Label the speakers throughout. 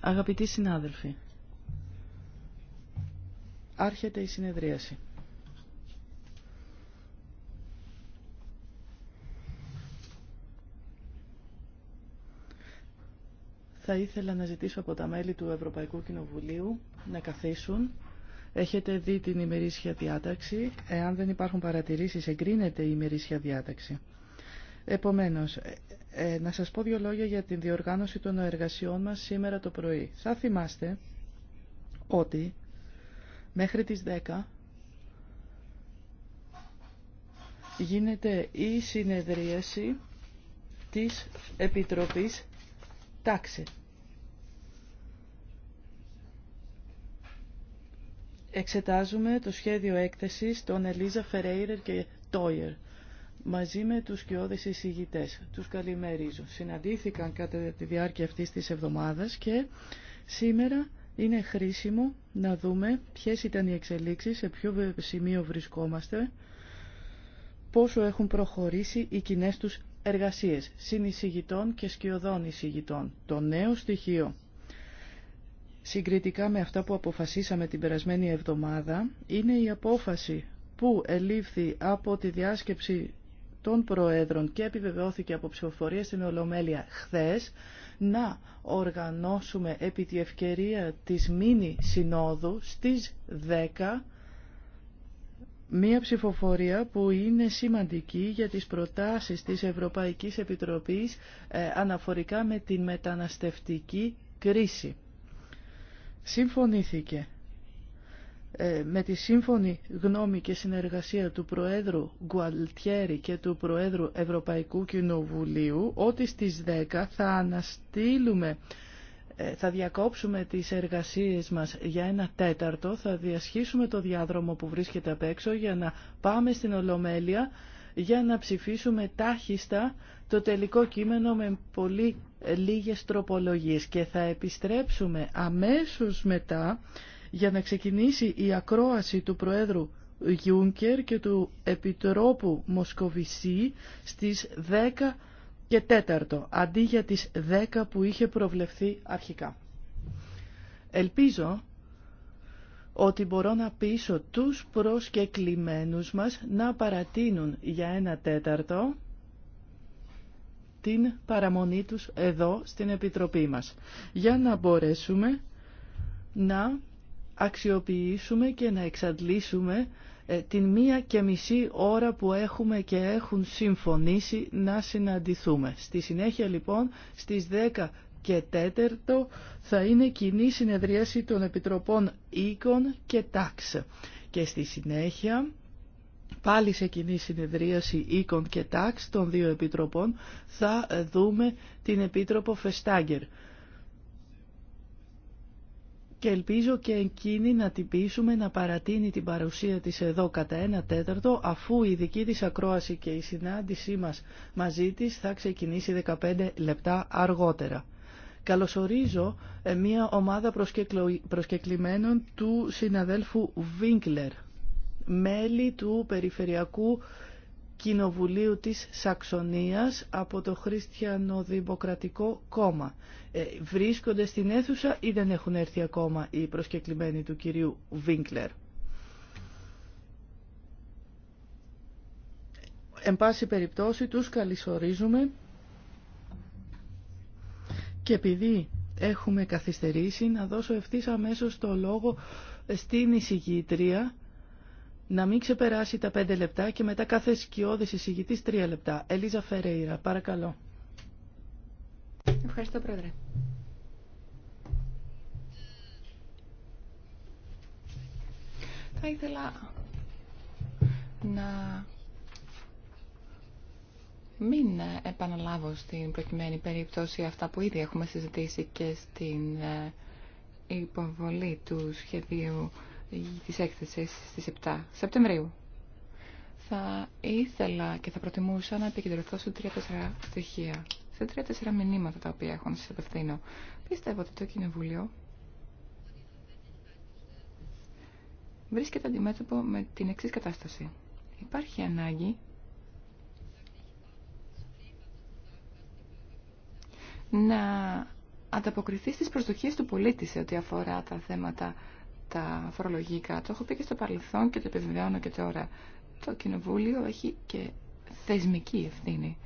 Speaker 1: Αγαπητοί συνάδελφοι, άρχεται η συνεδρίαση. Θα ήθελα να ζητήσω από τα μέλη του Ευρωπαϊκού Κοινοβουλίου να καθίσουν. Έχετε δει την ημερήσια διάταξη. Εάν δεν υπάρχουν παρατηρήσεις, εγκρίνεται η ημερήσια διάταξη. Επομένως, ε, ε, να σας πω δύο λόγια για την διοργάνωση των εργασιών μας σήμερα το πρωί. Θα θυμάστε ότι μέχρι τις 10 γίνεται η συνεδρίαση της Επιτροπής Τάξη. Εξετάζουμε το σχέδιο έκθεσης των Ελίζα Φερέιρερ και Τόιερ μαζί με τους σκιώδες εισηγητές. Τους καλημερίζω. Συναντήθηκαν κατά τη διάρκεια αυτής της εβδομάδας και σήμερα είναι χρήσιμο να δούμε ποιες ήταν οι εξελίξεις, σε ποιο σημείο βρισκόμαστε, πόσο έχουν προχωρήσει οι κοινέ τους εργασίες συνεισηγητών και σκιωδών εισηγητών. Το νέο στοιχείο συγκριτικά με αυτά που αποφασίσαμε την περασμένη εβδομάδα είναι η απόφαση που ελήφθη από τη διάσκεψη των Προέδρων και επιβεβαιώθηκε από ψηφοφορία στην Ολομέλεια χθες να οργανώσουμε επί τη ευκαιρία της μίνι συνόδου στις 10 Μία ψηφοφορία που είναι σημαντική για τις προτάσεις της Ευρωπαϊκής Επιτροπής ε, αναφορικά με την μεταναστευτική κρίση. Συμφωνήθηκε ε, με τη σύμφωνη γνώμη και συνεργασία του Προέδρου Γκουαλτιέρη και του Προέδρου Ευρωπαϊκού Κοινοβουλίου ότι στις 10 θα αναστείλουμε ε, θα διακόψουμε τις εργασίες μας για ένα τέταρτο, θα διασχίσουμε το διάδρομο που βρίσκεται απ' έξω για να πάμε στην Ολομέλεια για να ψηφίσουμε τάχιστα το τελικό κείμενο με πολύ λίγες τροπολογίες και θα επιστρέψουμε αμέσως μετά για να ξεκινήσει η ακρόαση του Προέδρου Γιούνκερ και του Επιτρόπου Μοσκοβισή στις 10 και 4, αντί για τις 10 που είχε προβλεφθεί αρχικά. Ελπίζω ότι μπορώ να πείσω τους προσκεκλημένους μας να παρατείνουν για ένα τέταρτο την παραμονή τους εδώ στην Επιτροπή μας, για να μπορέσουμε να αξιοποιήσουμε και να εξαντλήσουμε ε, την μία και μισή ώρα που έχουμε και έχουν συμφωνήσει να συναντηθούμε. Στη συνέχεια λοιπόν στις 10 και 4 θα είναι κοινή συνεδρίαση των Επιτροπών Οίκων και Τάξ. Και στη συνέχεια πάλι σε κοινή συνεδρίαση Οίκων και Τάξ των δύο Επιτροπών θα ε, δούμε την Επίτροπο Φεστάγκερ και ελπίζω και εκείνη να την πείσουμε να παρατείνει την παρουσία της εδώ κατά ένα τέταρτο αφού η δική της ακρόαση και η συνάντησή μας μαζί της θα ξεκινήσει 15 λεπτά αργότερα. Καλωσορίζω ε, μια ομάδα προσκεκλημένων του συναδέλφου Βίνκλερ, μέλη του Περιφερειακού Κοινοβουλίου της Σαξονίας από το Χριστιανοδημοκρατικό Κόμμα. Ε, βρίσκονται στην αίθουσα ή δεν έχουν έρθει ακόμα οι προσκεκλημένοι του κυρίου Βίνκλερ. Εν πάση περιπτώσει τους καλυσορίζουμε και επειδή έχουμε καθυστερήσει να δώσω ευθύς αμέσως το λόγο στην εισηγήτρια να μην ξεπεράσει τα πέντε λεπτά και μετά κάθε σκιώδη εισηγητή τρία λεπτά. Ελίζα Φερέιρα, παρακαλώ.
Speaker 2: Ευχαριστώ, Πρόεδρε. Θα ήθελα να μην επαναλάβω στην προκειμένη περίπτωση αυτά που ήδη έχουμε συζητήσει και στην ε, υποβολή του σχεδίου Τη έκθεση στι 7 Σεπτεμβρίου. Θα ήθελα και θα προτιμούσα να επικεντρωθώ σε τρία-τέσσερα στοιχεία, σε τρια τεσσερα μηνύματα τα οποία έχω να σα απευθύνω. Πιστεύω ότι το Κοινοβούλιο βρίσκεται αντιμέτωπο με την εξή κατάσταση. Υπάρχει ανάγκη να ανταποκριθεί στις προσδοκίες του πολίτη σε ό,τι αφορά τα θέματα τα φορολογικά. Το έχω πει και στο παρελθόν και το επιβεβαιώνω και τώρα. Το Κοινοβούλιο έχει και θεσμική ευθύνη.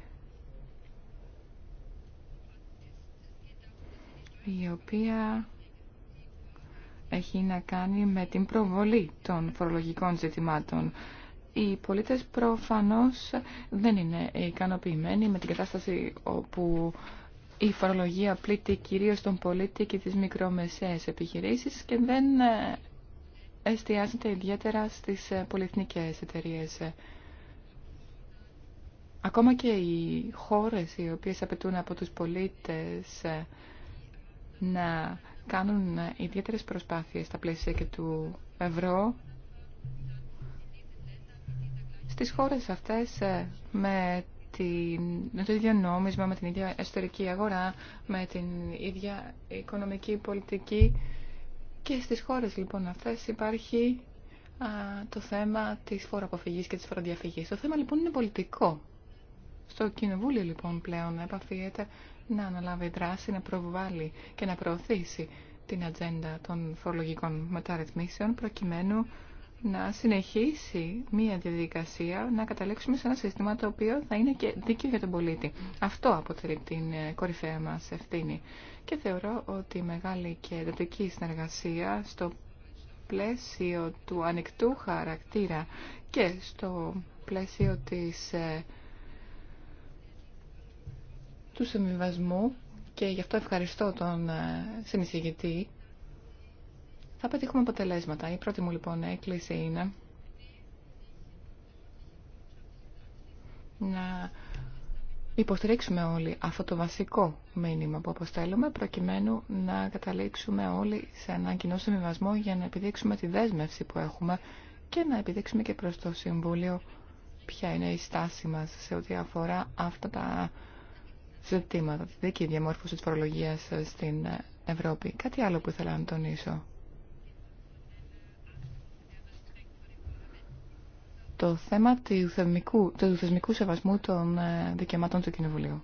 Speaker 2: η οποία έχει να κάνει με την προβολή των φορολογικών ζητημάτων. Οι πολίτες προφανώς δεν είναι ικανοποιημένοι με την κατάσταση όπου η φορολογία πλήττει κυρίως τον πολίτη και τις μικρομεσαίες επιχειρήσεις και δεν ε, εστιάζεται ιδιαίτερα στις ε, πολυεθνικές εταιρείες. Ακόμα και οι χώρες οι οποίες απαιτούν από τους πολίτες ε, να κάνουν ιδιαίτερες προσπάθειες στα πλαίσια και του ευρώ, στις χώρες αυτές με την, με το ίδιο νόμισμα, με την ίδια εσωτερική αγορά, με την ίδια οικονομική πολιτική. Και στις χώρες λοιπόν αυτές υπάρχει το θέμα της φοροαποφυγής και της φοροδιαφυγής. Το θέμα λοιπόν είναι πολιτικό. Στο Κοινοβούλιο λοιπόν πλέον επαφίεται να αναλάβει δράση, να προβάλλει και να προωθήσει την ατζέντα των φορολογικών μεταρρυθμίσεων προκειμένου να συνεχίσει μία διαδικασία να καταλήξουμε σε ένα σύστημα το οποίο θα είναι και δίκαιο για τον πολίτη. Αυτό αποτελεί την ε, κορυφαία μας ευθύνη. Και θεωρώ ότι η μεγάλη και εντατική συνεργασία στο πλαίσιο του ανοιχτού χαρακτήρα και στο πλαίσιο της, ε, του συμβιβασμού και γι' αυτό ευχαριστώ τον ε, συνεισηγητή θα πετύχουμε αποτελέσματα. Η πρώτη μου λοιπόν έκκληση είναι να υποστηρίξουμε όλοι αυτό το βασικό μήνυμα που αποστέλουμε προκειμένου να καταλήξουμε όλοι σε έναν κοινό συμβιβασμό για να επιδείξουμε τη δέσμευση που έχουμε και να επιδείξουμε και προς το Συμβούλιο ποια είναι η στάση μας σε ό,τι αφορά αυτά τα ζητήματα, τη δίκη διαμόρφωση της φορολογίας στην Ευρώπη. Κάτι άλλο που ήθελα να τονίσω. το θέμα του θεσμικού, του θεσμικού σεβασμού των ε, δικαιωμάτων του Κοινοβουλίου.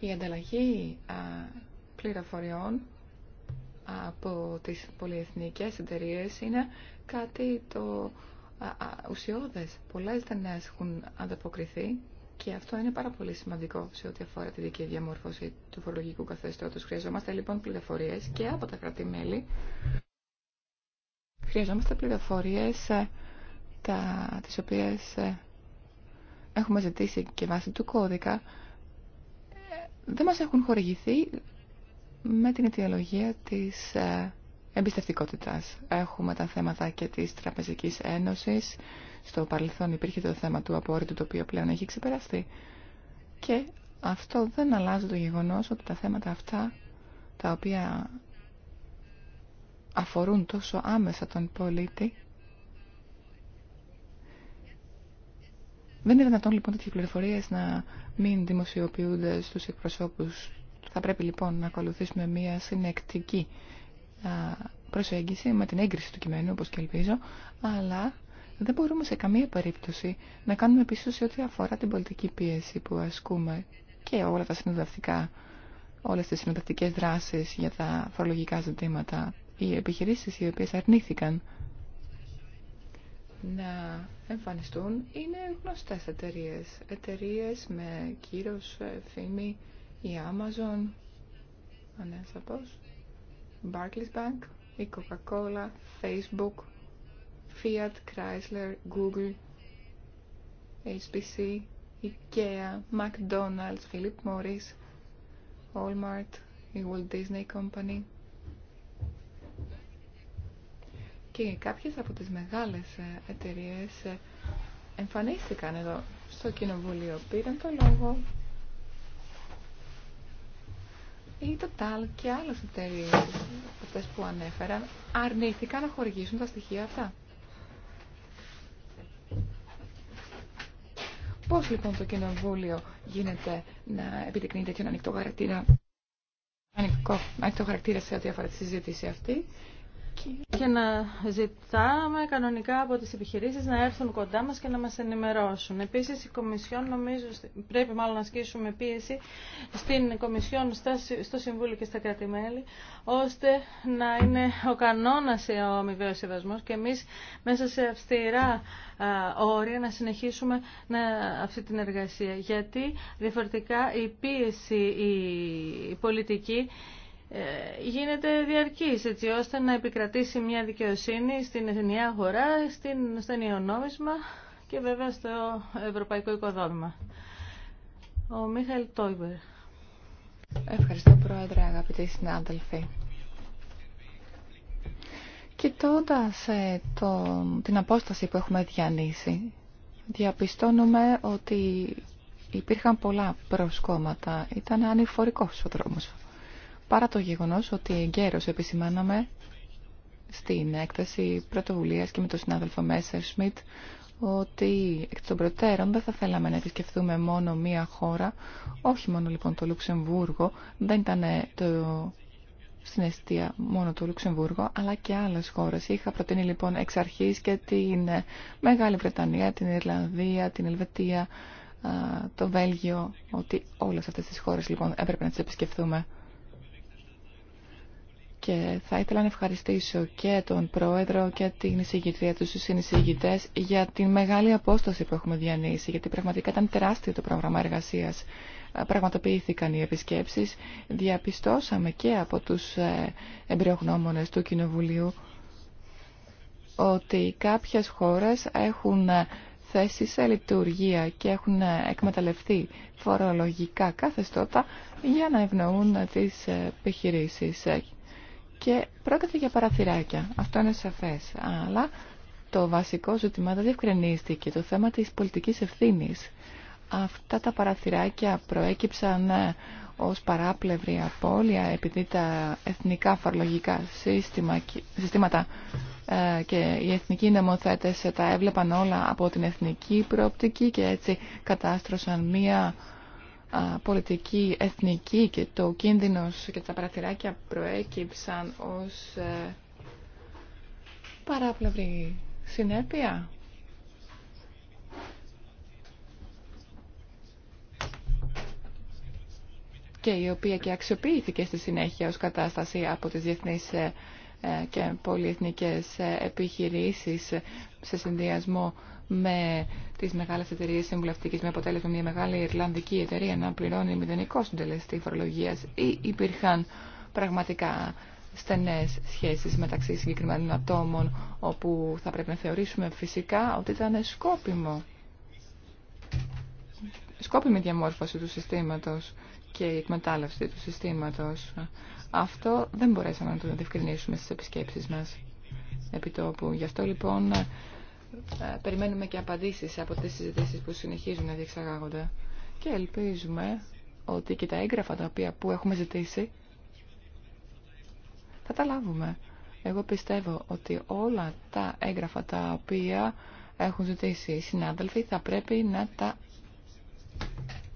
Speaker 2: Η ανταλλαγή πληροφοριών από τις πολυεθνικές εταιρείε είναι κάτι το ουσιώδες. Πολλές δεν έχουν ανταποκριθεί και αυτό είναι πάρα πολύ σημαντικό σε ό,τι αφορά τη δική διαμόρφωση του φορολογικού καθεστώτος. Χρειαζόμαστε λοιπόν πληροφορίες και από τα κράτη-μέλη. Χρειαζόμαστε πληροφορίες ε, τι τις οποίες ε, έχουμε ζητήσει και βάσει του κώδικα ε, δεν μα έχουν χορηγηθεί με την αιτιολογία της εμπιστευτικότητα. Έχουμε τα θέματα και τη Τραπεζική Ένωση. Στο παρελθόν υπήρχε το θέμα του απόρριτου το οποίο πλέον έχει ξεπεραστεί. Και αυτό δεν αλλάζει το γεγονός ότι τα θέματα αυτά τα οποία αφορούν τόσο άμεσα τον πολίτη Δεν είναι δυνατόν λοιπόν τέτοιες πληροφορίε να μην δημοσιοποιούνται στους εκπροσώπους. Θα πρέπει λοιπόν να ακολουθήσουμε μια συνεκτική προσέγγιση με την έγκριση του κειμένου όπως και ελπίζω, αλλά δεν μπορούμε σε καμία περίπτωση να κάνουμε πίσω ό,τι αφορά την πολιτική πίεση που ασκούμε και όλα τα συνοδευτικά, όλες τις συνοδευτικές δράσεις για τα φορολογικά ζητήματα. Οι επιχειρήσεις οι οποίες αρνήθηκαν να εμφανιστούν είναι γνωστές εταιρείε. Εταιρείε με κύρος, φήμη, η Amazon, ανέσαπος, Barclays Bank, η Coca-Cola, Facebook, Fiat, Chrysler, Google, HPC, IKEA, McDonald's, Philip Morris, Walmart, η Walt Disney Company. Και κάποιες από τις μεγάλες ε, εταιρείες ε, εμφανίστηκαν εδώ στο κοινοβούλιο, πήραν το λόγο. Η τάλ και άλλες εταιρείες, αυτές που ανέφεραν, αρνήθηκαν να χορηγήσουν τα στοιχεία αυτά. Πώς λοιπόν το Κοινοβούλιο γίνεται να επιδεικνύει τέτοιον ανοιχτό χαρακτήρα, ανοιχτό, ανοιχτό χαρακτήρα σε ό,τι αφορά τη συζήτηση αυτή και
Speaker 3: να ζητάμε κανονικά από τις επιχειρήσεις να έρθουν κοντά μας και να μας ενημερώσουν. Επίσης, η Κομισιόν νομίζω πρέπει μάλλον να ασκήσουμε πίεση στην Κομισιόν, στο Συμβούλιο και στα κρατημέλη, ώστε να είναι ο κανόνας ο αμοιβαίος σεβασμός και εμείς μέσα σε αυστηρά όρια να συνεχίσουμε αυτή την εργασία. Γιατί διαφορετικά η πίεση η πολιτική ε, γίνεται διαρκής έτσι ώστε να επικρατήσει μια δικαιοσύνη στην εθνική αγορά, στην, στο ενιονόμισμα και βέβαια στο ευρωπαϊκό οικοδόμημα. Ο Μίχαλ Τόιμπερ.
Speaker 2: Ευχαριστώ Πρόεδρε, αγαπητοί συνάδελφοι. Κοιτώντα ε, το, την απόσταση που έχουμε διανύσει, διαπιστώνουμε ότι υπήρχαν πολλά προσκόμματα. Ήταν ανηφορικός ο δρόμος παρά το γεγονός ότι εγκαίρως επισημάναμε στην έκθεση πρωτοβουλία και με τον συνάδελφο Μέσερ Σμιτ ότι εκ των προτέρων δεν θα θέλαμε να επισκεφθούμε μόνο μία χώρα, όχι μόνο λοιπόν το Λουξεμβούργο, δεν ήταν το... στην αιστεία μόνο το Λουξεμβούργο, αλλά και άλλες χώρες. Είχα προτείνει λοιπόν εξ αρχής και την Μεγάλη Βρετανία, την Ιρλανδία, την Ελβετία, το Βέλγιο, ότι όλες αυτές τις χώρες λοιπόν έπρεπε να τις επισκεφθούμε. Και θα ήθελα να ευχαριστήσω και τον Πρόεδρο και την εισηγητρία του στους συνεισηγητές για την μεγάλη απόσταση που έχουμε διανύσει, γιατί πραγματικά ήταν τεράστιο το πρόγραμμα εργασίας. Ε, πραγματοποιήθηκαν οι επισκέψεις, διαπιστώσαμε και από τους ε, εμπειρογνώμονες του Κοινοβουλίου ότι κάποιες χώρες έχουν ε, θέσει σε λειτουργία και έχουν εκμεταλλευτεί φορολογικά καθεστώτα για να ευνοούν τις επιχειρήσεις και πρόκειται για παραθυράκια. Αυτό είναι σαφές. Αλλά το βασικό ζήτημα δεν διευκρινίστηκε. Το θέμα της πολιτικής ευθύνης. Αυτά τα παραθυράκια προέκυψαν ε, ως παράπλευρη απώλεια επειδή τα εθνικά φορολογικά σύστημα, συστήματα ε, και οι εθνικοί νομοθέτες τα έβλεπαν όλα από την εθνική προοπτική και έτσι κατάστρωσαν μία πολιτική, εθνική και το κίνδυνος και τα παραθυράκια προέκυψαν ως ε, παράπλευρη συνέπεια. και η οποία και αξιοποιήθηκε στη συνέχεια ως κατάσταση από τις διεθνείς ε, ε, και πολυεθνικές επιχειρήσεις σε συνδυασμό με τις μεγάλες εταιρείε συμβουλευτική, με αποτέλεσμα μια μεγάλη Ιρλανδική εταιρεία να πληρώνει μηδενικό συντελεστή φορολογίας ή υπήρχαν πραγματικά στενές σχέσεις μεταξύ συγκεκριμένων ατόμων όπου θα πρέπει να θεωρήσουμε φυσικά ότι ήταν σκόπιμο σκόπιμη διαμόρφωση του συστήματος και η εκμετάλλευση του συστήματος. Αυτό δεν μπορέσαμε να το διευκρινίσουμε στις επισκέψεις μας επιτόπου. Γι' αυτό λοιπόν ε, περιμένουμε και απαντήσεις από τις συζητήσεις που συνεχίζουν να διεξαγάγονται. Και ελπίζουμε ότι και τα έγγραφα τα οποία που έχουμε ζητήσει θα τα λάβουμε. Εγώ πιστεύω ότι όλα τα έγγραφα τα οποία έχουν ζητήσει οι συνάδελφοι θα πρέπει να τα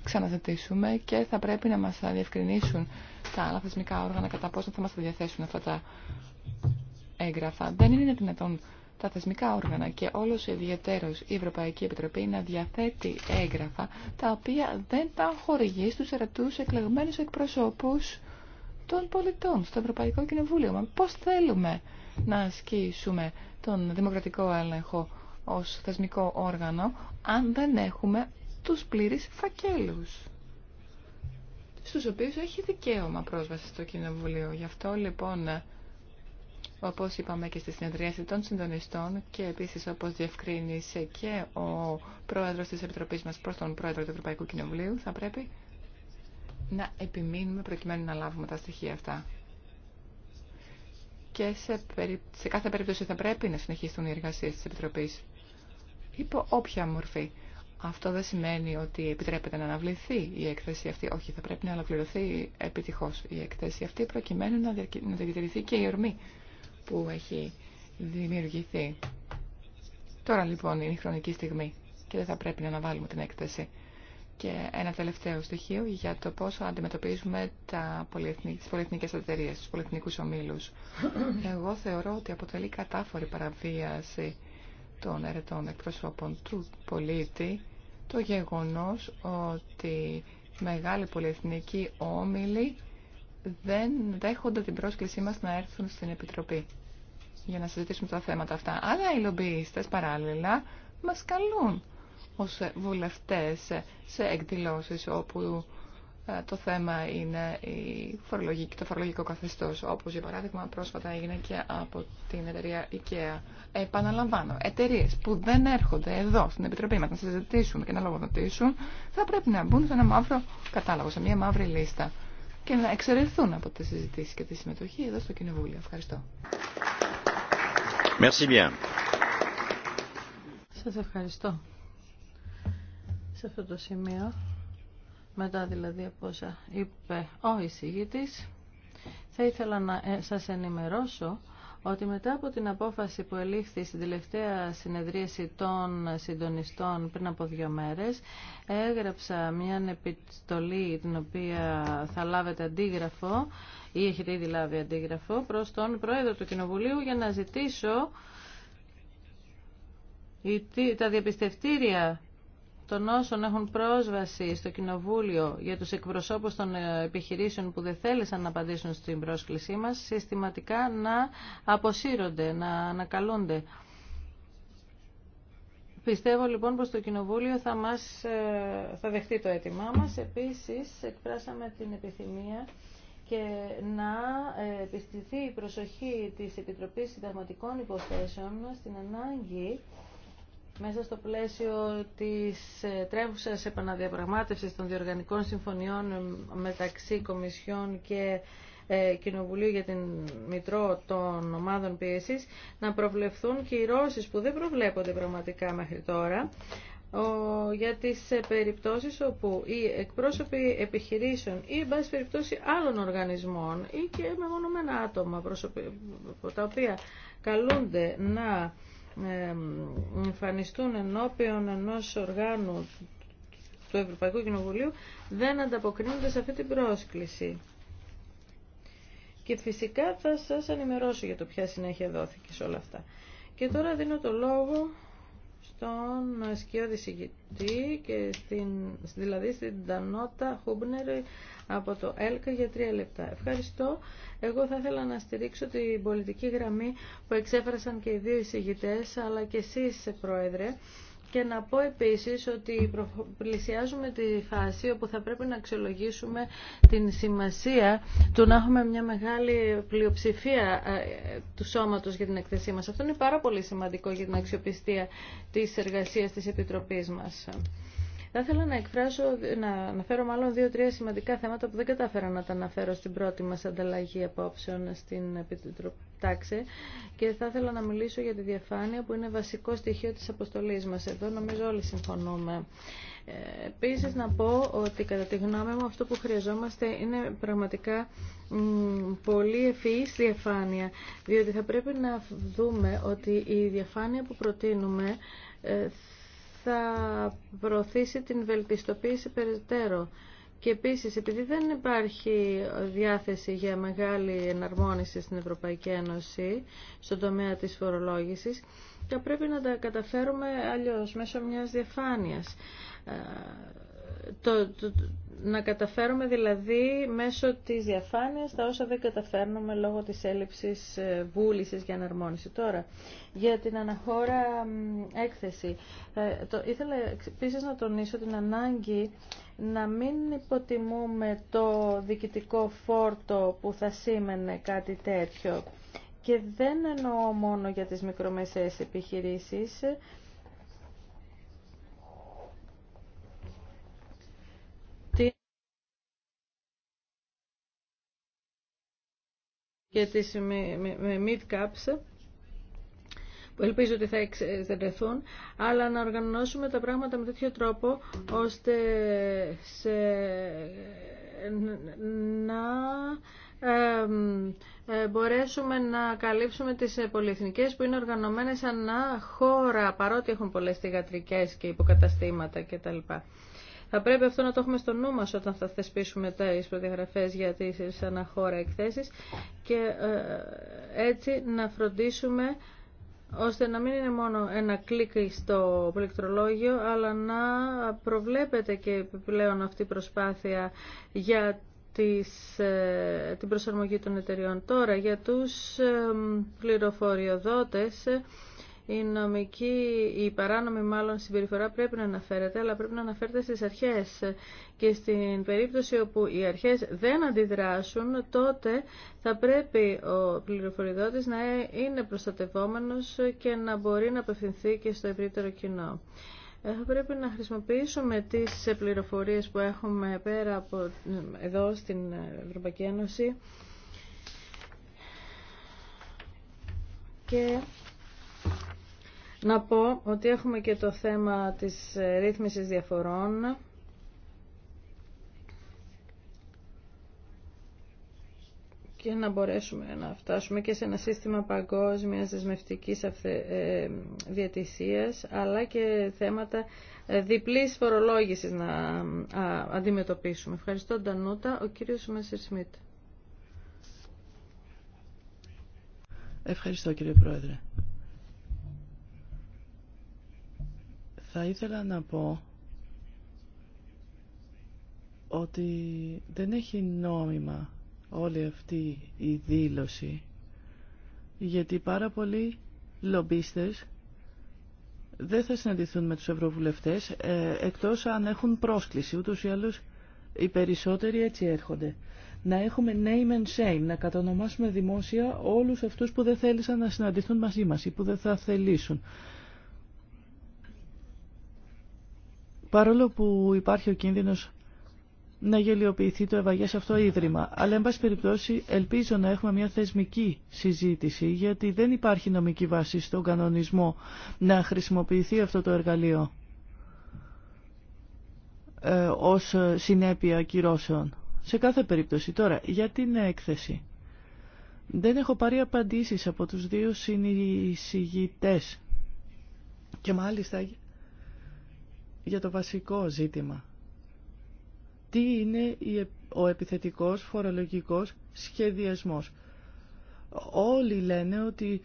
Speaker 2: ξαναζητήσουμε και θα πρέπει να μας διευκρινίσουν τα άλλα θεσμικά όργανα κατά πόσο θα μας διαθέσουν αυτά τα έγγραφα. Δεν είναι δυνατόν τα θεσμικά όργανα και όλος ιδιαιτέρως η Ευρωπαϊκή Επιτροπή να διαθέτει έγγραφα τα οποία δεν τα χορηγεί στους ερατούς εκλεγμένους εκπροσώπους των πολιτών στο Ευρωπαϊκό Κοινοβούλιο. Μα πώς θέλουμε να ασκήσουμε τον δημοκρατικό έλεγχο ως θεσμικό όργανο αν δεν έχουμε τους πλήρεις φακέλους στους οποίους έχει δικαίωμα πρόσβαση στο Κοινοβουλίο. Γι' αυτό λοιπόν όπως είπαμε και στη συνεδρίαση των συντονιστών και επίσης όπως διευκρίνησε και ο πρόεδρος της Επιτροπής μας προς τον πρόεδρο του Ευρωπαϊκού Κοινοβουλίου, θα πρέπει να επιμείνουμε προκειμένου να λάβουμε τα στοιχεία αυτά. Και σε, περι... σε κάθε περίπτωση θα πρέπει να συνεχίσουν οι εργασίε τη Επιτροπής. Υπό όποια μορφή. Αυτό δεν σημαίνει ότι επιτρέπεται να αναβληθεί η έκθεση αυτή. Όχι, θα πρέπει να ολοκληρωθεί επιτυχώς η έκθεση αυτή προκειμένου να διατηρηθεί και η ορμή που έχει δημιουργηθεί. Τώρα λοιπόν είναι η χρονική στιγμή και δεν θα πρέπει να αναβάλουμε την έκθεση. Και ένα τελευταίο στοιχείο για το πόσο αντιμετωπίζουμε τα πολυεθνικ... τις πολυεθνικές εταιρείες, τους πολυεθνικούς ομίλους. Εγώ θεωρώ ότι αποτελεί κατάφορη παραβίαση των ερετών εκπροσώπων του πολίτη το γεγονός ότι μεγάλη πολυεθνική όμιλη δεν δέχονται την πρόσκλησή μας να έρθουν στην Επιτροπή για να συζητήσουμε τα θέματα αυτά. Αλλά οι λομπιίστες παράλληλα μας καλούν ως βουλευτές σε εκδηλώσεις όπου ε, το θέμα είναι η φορολογική, το φορολογικό καθεστώς, όπως για παράδειγμα πρόσφατα έγινε και από την εταιρεία IKEA. Επαναλαμβάνω, εταιρείε που δεν έρχονται εδώ στην Επιτροπή μας να συζητήσουν και να λογοδοτήσουν, θα πρέπει να μπουν σε ένα μαύρο κατάλογο, σε μια μαύρη λίστα και να εξαιρεθούν από τις συζητήσεις και τη συμμετοχή εδώ στο Κοινοβούλιο. Ευχαριστώ. Merci bien. Σας ευχαριστώ.
Speaker 3: Σε αυτό το σημείο, μετά δηλαδή από όσα είπε ο εισηγητής, θα ήθελα να ε, σας ενημερώσω ότι μετά από την απόφαση που ελήφθη στην τελευταία συνεδρίαση των συντονιστών πριν από δύο μέρες, έγραψα μια επιστολή την οποία θα λάβετε αντίγραφο ή έχετε ήδη λάβει αντίγραφο προς τον Πρόεδρο του Κοινοβουλίου για να ζητήσω τα διαπιστευτήρια των όσων έχουν πρόσβαση στο Κοινοβούλιο για τους εκπροσώπους των ε, επιχειρήσεων που δεν θέλησαν να απαντήσουν στην πρόσκλησή μας, συστηματικά να αποσύρονται, να ανακαλούνται. Πιστεύω λοιπόν πως το Κοινοβούλιο θα, μας, ε, θα δεχτεί το αίτημά μας. Επίσης εκφράσαμε την επιθυμία και να ε, επιστηθεί η προσοχή της Επιτροπής Συνταγματικών Υποθέσεων στην ανάγκη μέσα στο πλαίσιο της ε, τρέχουσας επαναδιαπραγμάτευσης των διοργανικών συμφωνιών ε, μεταξύ Κομισιών και ε, Κοινοβουλίου για την Μητρό των Ομάδων Πίεσης να προβλεφθούν κυρώσεις που δεν προβλέπονται πραγματικά μέχρι τώρα για τις περιπτώσεις όπου οι εκπρόσωποι επιχειρήσεων ή εν πάση περιπτώσει άλλων οργανισμών ή και μεμονωμένα άτομα τα οποία καλούνται να ε, εμφανιστούν ενώπιον ενός οργάνου του Ευρωπαϊκού Κοινοβουλίου δεν ανταποκρίνονται σε αυτή την πρόσκληση. Και φυσικά θα σας ενημερώσω για το ποια συνέχεια δόθηκε σε όλα αυτά. Και τώρα δίνω το λόγο στον σκιώδη συγκητή, και στην, δηλαδή στην Τανότα Χούμπνερ από το ΕΛΚΑ για τρία λεπτά. Ευχαριστώ. Εγώ θα ήθελα να στηρίξω την πολιτική γραμμή που εξέφρασαν και οι δύο εισηγητές, αλλά και εσείς, Πρόεδρε, και να πω επίσης ότι πλησιάζουμε τη φάση όπου θα πρέπει να αξιολογήσουμε την σημασία του να έχουμε μια μεγάλη πλειοψηφία ε, του σώματος για την εκθεσή μας. Αυτό είναι πάρα πολύ σημαντικό για την αξιοπιστία της εργασίας της Επιτροπής μας. Θα ήθελα να εκφράσω, να αναφέρω μάλλον δύο-τρία σημαντικά θέματα που δεν κατάφερα να τα αναφέρω στην πρώτη μας ανταλλαγή απόψεων στην Επιτροπή Τάξη και θα ήθελα να μιλήσω για τη διαφάνεια που είναι βασικό στοιχείο της αποστολής μας. Εδώ νομίζω όλοι συμφωνούμε. Ε, Επίση να πω ότι κατά τη γνώμη μου αυτό που χρειαζόμαστε είναι πραγματικά πολύ ευφυής διαφάνεια, διότι θα πρέπει να δούμε ότι η διαφάνεια που προτείνουμε ε, θα προωθήσει την βελτιστοποίηση περαιτέρω. Και επίσης, επειδή δεν υπάρχει διάθεση για μεγάλη εναρμόνιση στην Ευρωπαϊκή Ένωση στον τομέα της φορολόγησης, θα πρέπει να τα καταφέρουμε αλλιώς, μέσω μιας διαφάνειας. Ε, το, να καταφέρουμε δηλαδή μέσω της διαφάνειας τα όσα δεν καταφέρνουμε λόγω της έλλειψης ε, βούλησης για αναρμόνιση. Τώρα, για την αναχώρα έκθεση. Ε, το, ήθελα επίση να τονίσω την ανάγκη να μην υποτιμούμε το διοικητικό φόρτο που θα σήμαινε κάτι τέτοιο. Και δεν εννοώ μόνο για τις μικρομεσαίες επιχειρήσεις, για τις mid-caps που ελπίζω ότι θα εξερεθούν, αλλά να οργανώσουμε τα πράγματα με τέτοιο τρόπο ώστε να ε, μπορέσουμε να καλύψουμε τις πολυεθνικές που είναι οργανωμένες ανά χώρα, παρότι έχουν πολλές θηγατρικές και υποκαταστήματα κτλ. Θα πρέπει αυτό να το έχουμε στο νου μας όταν θα θεσπίσουμε τις προδιαγραφές για τις αναχώρα εκθέσεις και ε, έτσι να φροντίσουμε ώστε να μην είναι μόνο ένα κλικ στο πληκτρολόγιο, αλλά να προβλέπεται και επιπλέον αυτή η προσπάθεια για ε, την προσαρμογή των εταιριών. Τώρα, για τους ε, πληροφοριοδότες, η νομική, η παράνομη μάλλον συμπεριφορά πρέπει να αναφέρεται, αλλά πρέπει να αναφέρεται στις αρχές. Και στην περίπτωση όπου οι αρχές δεν αντιδράσουν, τότε θα πρέπει ο πληροφοριδότης να είναι προστατευόμενος και να μπορεί να απευθυνθεί και στο ευρύτερο κοινό. Ε, θα πρέπει να χρησιμοποιήσουμε τις πληροφορίες που έχουμε πέρα από εδώ στην Ευρωπαϊκή Ένωση και να πω ότι έχουμε και το θέμα της ε, ρύθμισης διαφορών. και να μπορέσουμε να φτάσουμε και σε ένα σύστημα παγκόσμιας δεσμευτικής ε, διατησίας, αλλά και θέματα ε, διπλής φορολόγησης να αντιμετωπίσουμε. Ευχαριστώ, Ντανούτα. Ο κύριος Μέσσερ Σμιτ.
Speaker 1: Ευχαριστώ, κύριε Πρόεδρε. Θα ήθελα να πω ότι δεν έχει νόημα όλη αυτή η δήλωση γιατί πάρα πολλοί λομπίστες δεν θα συναντηθούν με τους ευρωβουλευτές ε, εκτός αν έχουν πρόσκληση ούτως ή άλλως οι περισσότεροι έτσι έρχονται να έχουμε name and shame να κατανομάσουμε δημόσια όλους αυτούς που δεν θέλησαν να συναντηθούν μαζί μας ή που δεν θα θελήσουν παρόλο που υπάρχει ο κίνδυνος να γελιοποιηθεί το ευαγές αυτό ίδρυμα. Αλλά, εν πάση περιπτώσει, ελπίζω να έχουμε μια θεσμική συζήτηση, γιατί δεν υπάρχει νομική βάση στον κανονισμό να χρησιμοποιηθεί αυτό το εργαλείο ε, ως συνέπεια κυρώσεων. Σε κάθε περίπτωση. Τώρα, για την έκθεση. Δεν έχω πάρει απαντήσεις από τους δύο συνεισηγητές. Και μάλιστα για το βασικό ζήτημα. Τι είναι ο επιθετικός φορολογικός σχεδιασμός. Όλοι λένε ότι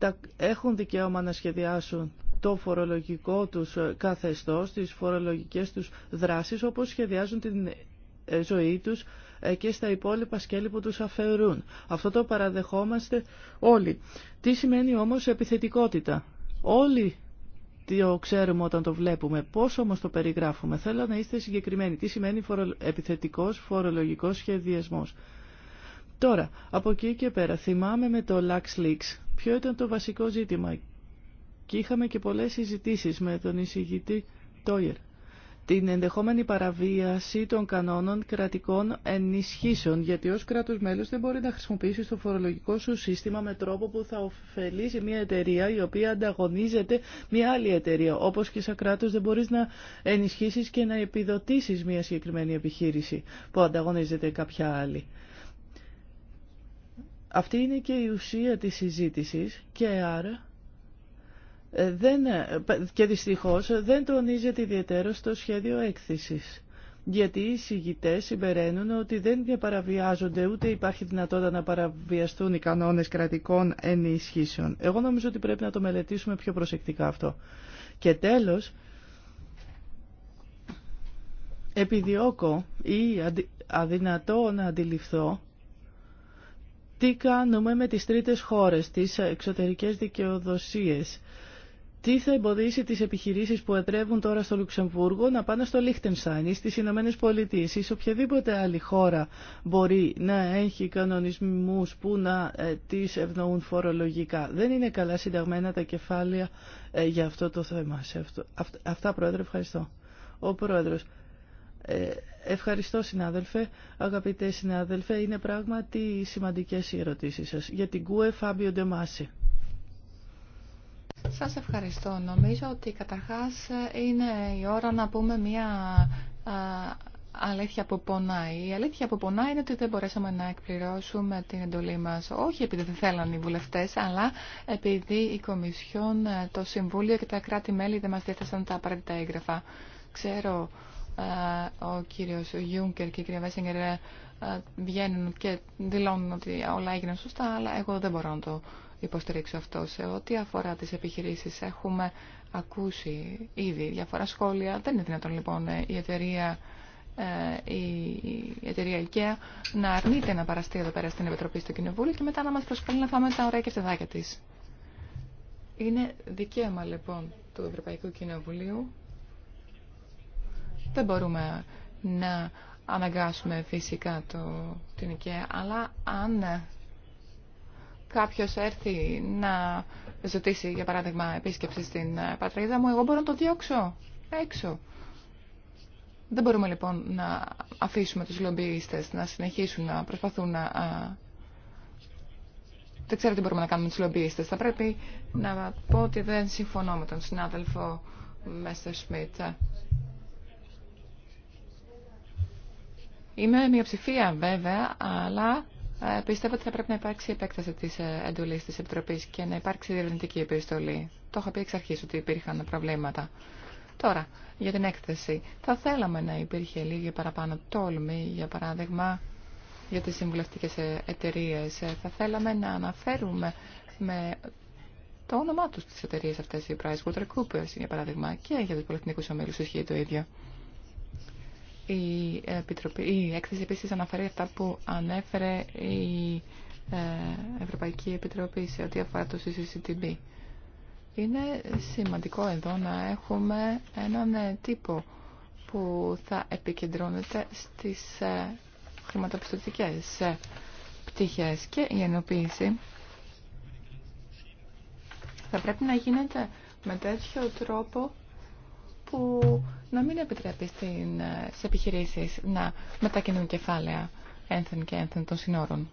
Speaker 1: ε, έχουν δικαίωμα να σχεδιάσουν το φορολογικό τους ε, καθεστώς, τις φορολογικές τους δράσεις, όπως σχεδιάζουν την ε, ζωή τους και στα υπόλοιπα σκέλη που τους αφαιρούν. Αυτό το παραδεχόμαστε όλοι. Τι σημαίνει όμως επιθετικότητα. Όλοι τι ξέρουμε όταν το βλέπουμε. πώ όμω το περιγράφουμε. Θέλω να είστε συγκεκριμένοι. Τι σημαίνει επιθετικό, φορολογικό σχεδιασμό. Τώρα, από εκεί και πέρα, θυμάμαι με το LuxLeaks. Ποιο ήταν το βασικό ζήτημα. Και είχαμε και πολλές συζητήσεις με τον εισηγητή Τόιερ την ενδεχόμενη παραβίαση των κανόνων κρατικών ενισχύσεων, γιατί ως κράτος μέλος δεν μπορεί να χρησιμοποιήσει το φορολογικό σου σύστημα με τρόπο που θα ωφελήσει μια εταιρεία η οποία ανταγωνίζεται μια άλλη εταιρεία. Όπως και σαν κράτος δεν μπορείς να ενισχύσεις και να επιδοτήσεις μια συγκεκριμένη επιχείρηση που ανταγωνίζεται κάποια άλλη. Αυτή είναι και η ουσία της συζήτησης και άρα ε, δεν, ε, και δυστυχώς δεν τονίζεται ιδιαίτερο στο σχέδιο έκθεσης. Γιατί οι συγητέ συμπεραίνουν ότι δεν διαπαραβιάζονται... ούτε υπάρχει δυνατότητα να παραβιαστούν οι κανόνες κρατικών ενισχύσεων. Εγώ νομίζω ότι πρέπει να το μελετήσουμε πιο προσεκτικά αυτό. Και τέλος, επιδιώκω ή αδυνατό να αντιληφθώ τι κάνουμε με τις τρίτες χώρες, τις εξωτερικές δικαιοδοσίες τι θα εμποδίσει τις επιχειρήσεις που εδρεύουν τώρα στο Λουξεμβούργο να πάνε στο Λίχτενστάιν ή στις Ηνωμένε πολιτειε ή σε οποιαδήποτε άλλη χώρα μπορεί να έχει κανονισμούς που να ε, τις ευνοούν φορολογικά. Δεν είναι καλά συνταγμένα τα κεφάλαια ε, για αυτό το θέμα. Αυτά, Πρόεδρε, ευχαριστώ. Ο Πρόεδρος. Ε, ευχαριστώ συνάδελφε, αγαπητέ συνάδελφε, είναι πράγματι σημαντικές οι ερωτήσεις σας. Για την ΚΟΕ Φάμπιο Ντεμάση.
Speaker 2: Σας ευχαριστώ. Νομίζω ότι καταρχάς είναι η ώρα να πούμε μια αλήθεια που πονάει. Η αλήθεια που πονάει είναι ότι δεν μπορέσαμε να εκπληρώσουμε την εντολή μας. Όχι επειδή δεν θέλαν οι βουλευτές, αλλά επειδή η Κομισιόν, ε, το Συμβούλιο και τα κράτη-μέλη δεν μας διέθεσαν τα απαραίτητα έγγραφα. Ξέρω ε, ο κύριος Γιούγκερ και η κυρία Βέσσιγκερ ε, βγαίνουν και δηλώνουν ότι όλα έγιναν σωστά, αλλά εγώ δεν μπορώ να το υποστηρίξω αυτό. Σε ό,τι αφορά τις επιχειρήσεις έχουμε ακούσει ήδη διαφορά σχόλια. Δεν είναι δυνατόν λοιπόν η εταιρεία ε, η εταιρεία IKEA να αρνείται να παραστεί εδώ πέρα στην Επιτροπή στο Κοινοβούλιο και μετά να μας προσπαθεί να φάμε τα ωραία και φτεδάκια της. Είναι δικαίωμα λοιπόν του Ευρωπαϊκού Κοινοβουλίου. Δεν μπορούμε να αναγκάσουμε φυσικά την IKEA, αλλά αν κάποιος έρθει να ζητήσει, για παράδειγμα, επίσκεψη στην ε, πατρίδα μου, εγώ μπορώ να το διώξω έξω. Δεν μπορούμε λοιπόν να αφήσουμε τους λομπιίστες να συνεχίσουν να προσπαθούν να... Δεν ξέρω τι μπορούμε να κάνουμε τους λομπιίστες. Θα πρέπει να πω ότι δεν συμφωνώ με τον συνάδελφο Μέστερ Σμιτ. Είμαι μειοψηφία βέβαια, αλλά ε, πιστεύω ότι θα πρέπει να υπάρξει επέκταση τη ε, εντολή τη Επιτροπή και να υπάρξει διερευνητική επιστολή. Το είχα πει εξ αρχή ότι υπήρχαν προβλήματα. Τώρα, για την έκθεση. Θα θέλαμε να υπήρχε λίγη παραπάνω τόλμη, για παράδειγμα, για τι συμβουλευτικέ ε, εταιρείε. Θα θέλαμε να αναφέρουμε με το όνομά του τις εταιρείε αυτές, η PricewaterCoopers, για παράδειγμα, και για του πολυεθνικού ομίλου. ισχύει το ίδιο. Η, Επιτροπή, η έκθεση επίσης αναφέρει αυτά που ανέφερε η ε, Ευρωπαϊκή Επιτροπή σε ό,τι αφορά το CCCTB. Είναι σημαντικό εδώ να έχουμε έναν ε, τύπο που θα επικεντρώνεται στις ε, χρηματοπιστωτικές πτυχές και η ενοποίηση θα πρέπει να γίνεται με τέτοιο τρόπο που να μην επιτρέπει στην, σε επιχειρήσεις να μετακινούν κεφάλαια ένθεν και ένθεν των συνόρων.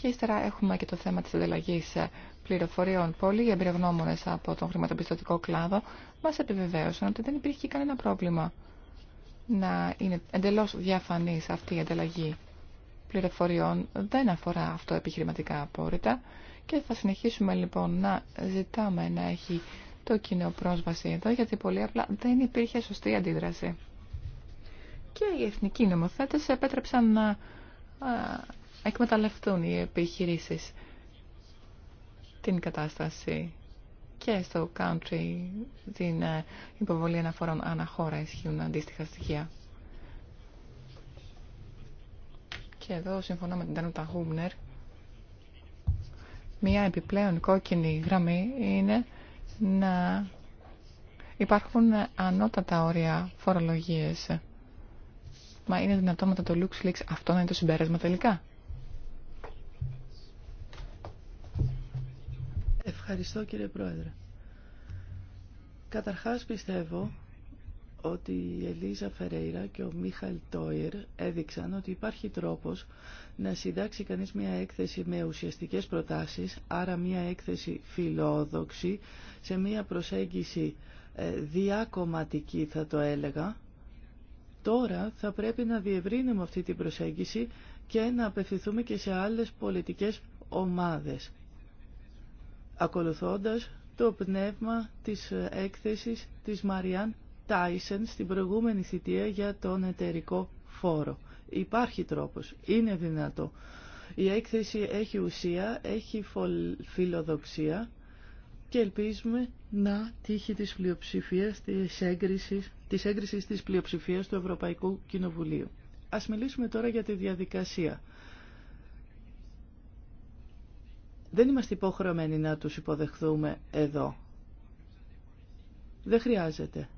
Speaker 2: Και ύστερα έχουμε και το θέμα της ανταλλαγή ε, πληροφοριών. Πολλοί εμπειρογνώμονες από τον χρηματοπιστωτικό κλάδο μας επιβεβαίωσαν ότι δεν υπήρχε κανένα πρόβλημα να είναι εντελώς διαφανής αυτή η ανταλλαγή πληροφοριών. Δεν αφορά αυτό επιχειρηματικά απόρριτα και θα συνεχίσουμε λοιπόν να ζητάμε να έχει το κοινό πρόσβαση εδώ, γιατί πολύ απλά δεν υπήρχε σωστή αντίδραση. Και οι εθνικοί νομοθέτες επέτρεψαν να εκμεταλλευτούν οι επιχειρήσεις την κατάσταση και στο country την ε, υποβολή αναφορών αναχώρα ισχύουν αντίστοιχα στοιχεία. Και εδώ συμφωνώ με την Τανούτα Μία επιπλέον κόκκινη γραμμή είναι να υπάρχουν ανώτατα όρια φορολογίες. Μα είναι δυνατόν μετά το LuxLeaks αυτό να είναι το συμπέρασμα τελικά.
Speaker 1: Ευχαριστώ κύριε Πρόεδρε. Καταρχάς πιστεύω ότι η Ελίζα Φερέιρα και ο Μίχαλ Τόιρ έδειξαν ότι υπάρχει τρόπος να συντάξει κανείς μια έκθεση με ουσιαστικές προτάσεις, άρα μια έκθεση φιλόδοξη, σε μια προσέγγιση ε, διακομματική θα το έλεγα. Τώρα θα πρέπει να διευρύνουμε αυτή την προσέγγιση και να απευθυνθούμε και σε άλλες πολιτικές ομάδες, ακολουθώντας το πνεύμα της ε, έκθεσης της Μαριάν Τάισεν στην προηγούμενη θητεία για τον εταιρικό φόρο. Υπάρχει τρόπος, είναι δυνατό. Η έκθεση έχει ουσία, έχει φιλοδοξία και ελπίζουμε να τύχει της πλειοψηφίας της έγκρισης, της έγκρισης της πλειοψηφίας του Ευρωπαϊκού Κοινοβουλίου. Ας μιλήσουμε τώρα για τη διαδικασία. Δεν είμαστε υποχρεωμένοι να τους υποδεχθούμε εδώ. Δεν χρειάζεται.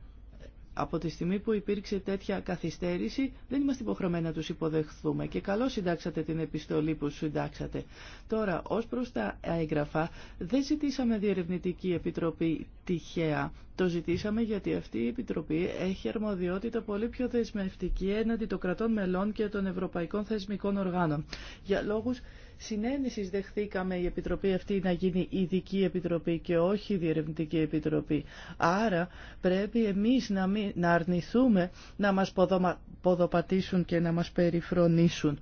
Speaker 1: Από τη στιγμή που υπήρξε τέτοια καθυστέρηση, δεν είμαστε υποχρεωμένοι να τους υποδεχθούμε και καλώς συντάξατε την επιστολή που συντάξατε. Τώρα, ως προς τα έγγραφα, δεν ζητήσαμε διερευνητική επιτροπή τυχαία. Το ζητήσαμε γιατί αυτή η επιτροπή έχει αρμοδιότητα πολύ πιο δεσμευτική έναντι των κρατών μελών και των ευρωπαϊκών θεσμικών οργάνων. Για συνένεση δεχθήκαμε η Επιτροπή αυτή να γίνει ειδική Επιτροπή και όχι Διερευνητική Επιτροπή. Άρα πρέπει εμείς να, να αρνηθούμε να μας ποδοπατήσουν και να μας περιφρονήσουν.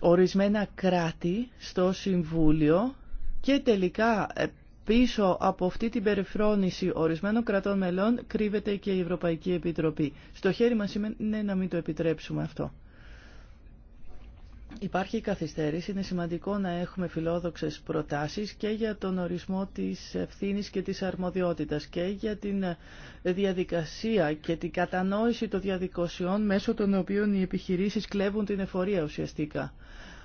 Speaker 1: Ορισμένα κράτη στο Συμβούλιο και τελικά ε, Πίσω από αυτή την περιφρόνηση ορισμένων κρατών μελών κρύβεται και η Ευρωπαϊκή Επιτροπή. Στο χέρι μας είναι να μην το επιτρέψουμε αυτό. Υπάρχει καθυστέρηση, είναι σημαντικό να έχουμε φιλόδοξες προτάσεις και για τον ορισμό της ευθύνης και της αρμοδιότητας και για την διαδικασία και την κατανόηση των διαδικασιών μέσω των οποίων οι επιχειρήσεις κλέβουν την εφορία ουσιαστικά.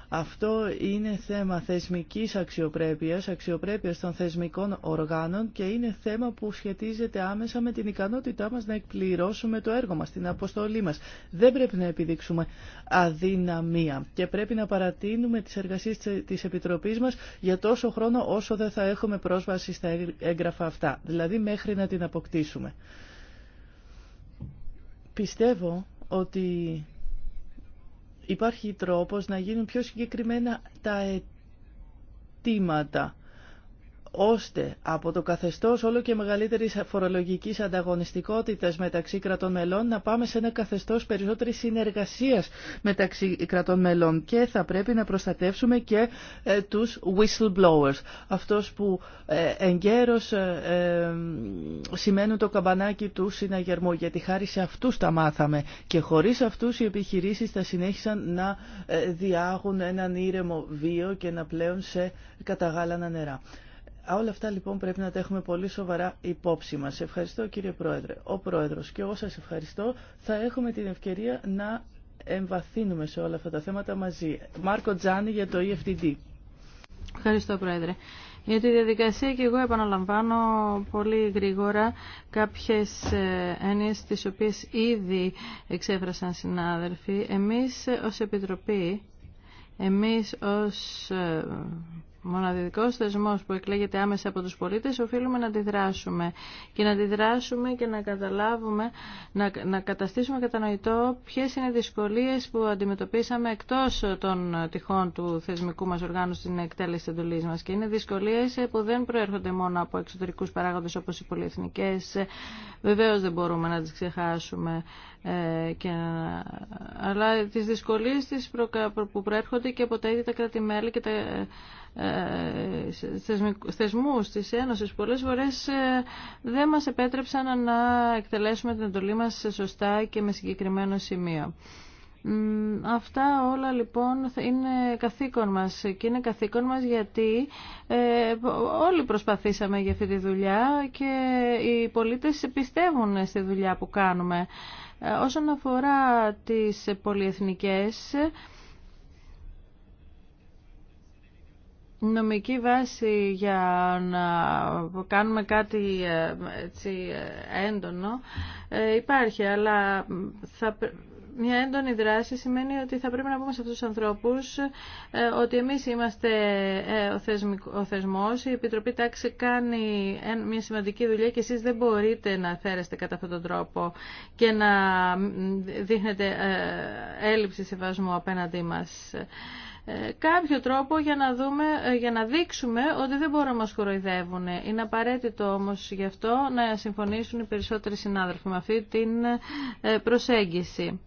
Speaker 1: Αυτό είναι θέμα θεσμικής αξιοπρέπειας, αξιοπρέπειας των θεσμικών οργάνων και είναι θέμα που σχετίζεται άμεσα με την ικανότητά μας να εκπληρώσουμε το έργο μας, την αποστολή μας. Δεν πρέπει να επιδείξουμε αδυναμία και πρέπει να παρατείνουμε τις εργασίες της Επιτροπής μας για τόσο χρόνο όσο δεν θα έχουμε πρόσβαση στα έγγραφα αυτά, δηλαδή μέχρι να την αποκτήσουμε. Πιστεύω ότι υπάρχει τρόπος να γίνουν πιο συγκεκριμένα τα αιτήματα ώστε από το καθεστώς όλο και μεγαλύτερης φορολογικής ανταγωνιστικότητας μεταξύ κρατών μελών να πάμε σε ένα καθεστώς περισσότερης συνεργασίας μεταξύ κρατών μελών και θα πρέπει να προστατεύσουμε και ε, τους whistleblowers, αυτός που ε, εγκαίρως ε, ε, σημαίνουν το καμπανάκι του συναγερμού, γιατί χάρη σε αυτούς τα μάθαμε και χωρίς αυτούς οι επιχειρήσεις θα συνέχισαν να ε, διάγουν έναν ήρεμο βίο και να πλέον σε καταγάλανα νερά. Όλα αυτά λοιπόν πρέπει να τα έχουμε πολύ σοβαρά υπόψη μας. Ευχαριστώ κύριε Πρόεδρε. Ο Πρόεδρος και εγώ σας ευχαριστώ. Θα έχουμε την ευκαιρία να εμβαθύνουμε σε όλα αυτά τα θέματα μαζί. Μάρκο Τζάνι για το EFTD. Ευχαριστώ Πρόεδρε.
Speaker 3: Για τη διαδικασία και εγώ επαναλαμβάνω πολύ γρήγορα κάποιες ε, έννοιες τις οποίες ήδη εξέφρασαν συνάδελφοι. Εμείς ως Επιτροπή, εμείς ως ε, μοναδικό θεσμό που εκλέγεται άμεσα από του πολίτε οφείλουμε να αντιδράσουμε και να αντιδράσουμε και να καταλάβουμε, να, να καταστήσουμε κατανοητό Ποιε είναι οι δυσκολίε που αντιμετωπίσαμε εκτό των τυχών του θεσμικού μα οργάνου στην εκτέλεση της εντολής μας. Και είναι δυσκολίε που δεν προέρχονται μόνο από εξωτερικού παράγοντε, όπω οι πολυεθνικέ. Βεβαίω δεν μπορούμε να τι ξεχάσουμε. Ε, και, αλλά τι δυσκολίε που προέρχονται και από τα ίδια τα κράτη-μέλη και τα ε, θεσμούς της Ένωσης πολλές φορές ε, δεν μας επέτρεψαν να εκτελέσουμε την εντολή μας σωστά και με συγκεκριμένο σημείο. Αυτά όλα λοιπόν είναι καθήκον μας και είναι καθήκον μας γιατί ε, όλοι προσπαθήσαμε για αυτή τη δουλειά και οι πολίτες πιστεύουν στη δουλειά που κάνουμε. Ε, όσον αφορά τις πολυεθνικές, νομική βάση για να κάνουμε κάτι ε, έτσι, ε, έντονο ε, υπάρχει, αλλά μια έντονη δράση σημαίνει ότι θα πρέπει να πούμε σε αυτούς τους ανθρώπους ότι εμείς είμαστε ο, ο θεσμός, η Επιτροπή Τάξη κάνει μια σημαντική δουλειά και εσείς δεν μπορείτε να φέρεστε κατά αυτόν τον τρόπο και να δείχνετε έλλειψη σεβασμού απέναντί μας. Ε, κάποιο τρόπο για να, δούμε, ε, για να δείξουμε ότι δεν μπορούν να μας κοροϊδεύουν. Είναι απαραίτητο όμως γι' αυτό να συμφωνήσουν οι περισσότεροι συνάδελφοι με αυτή την ε, προσέγγιση.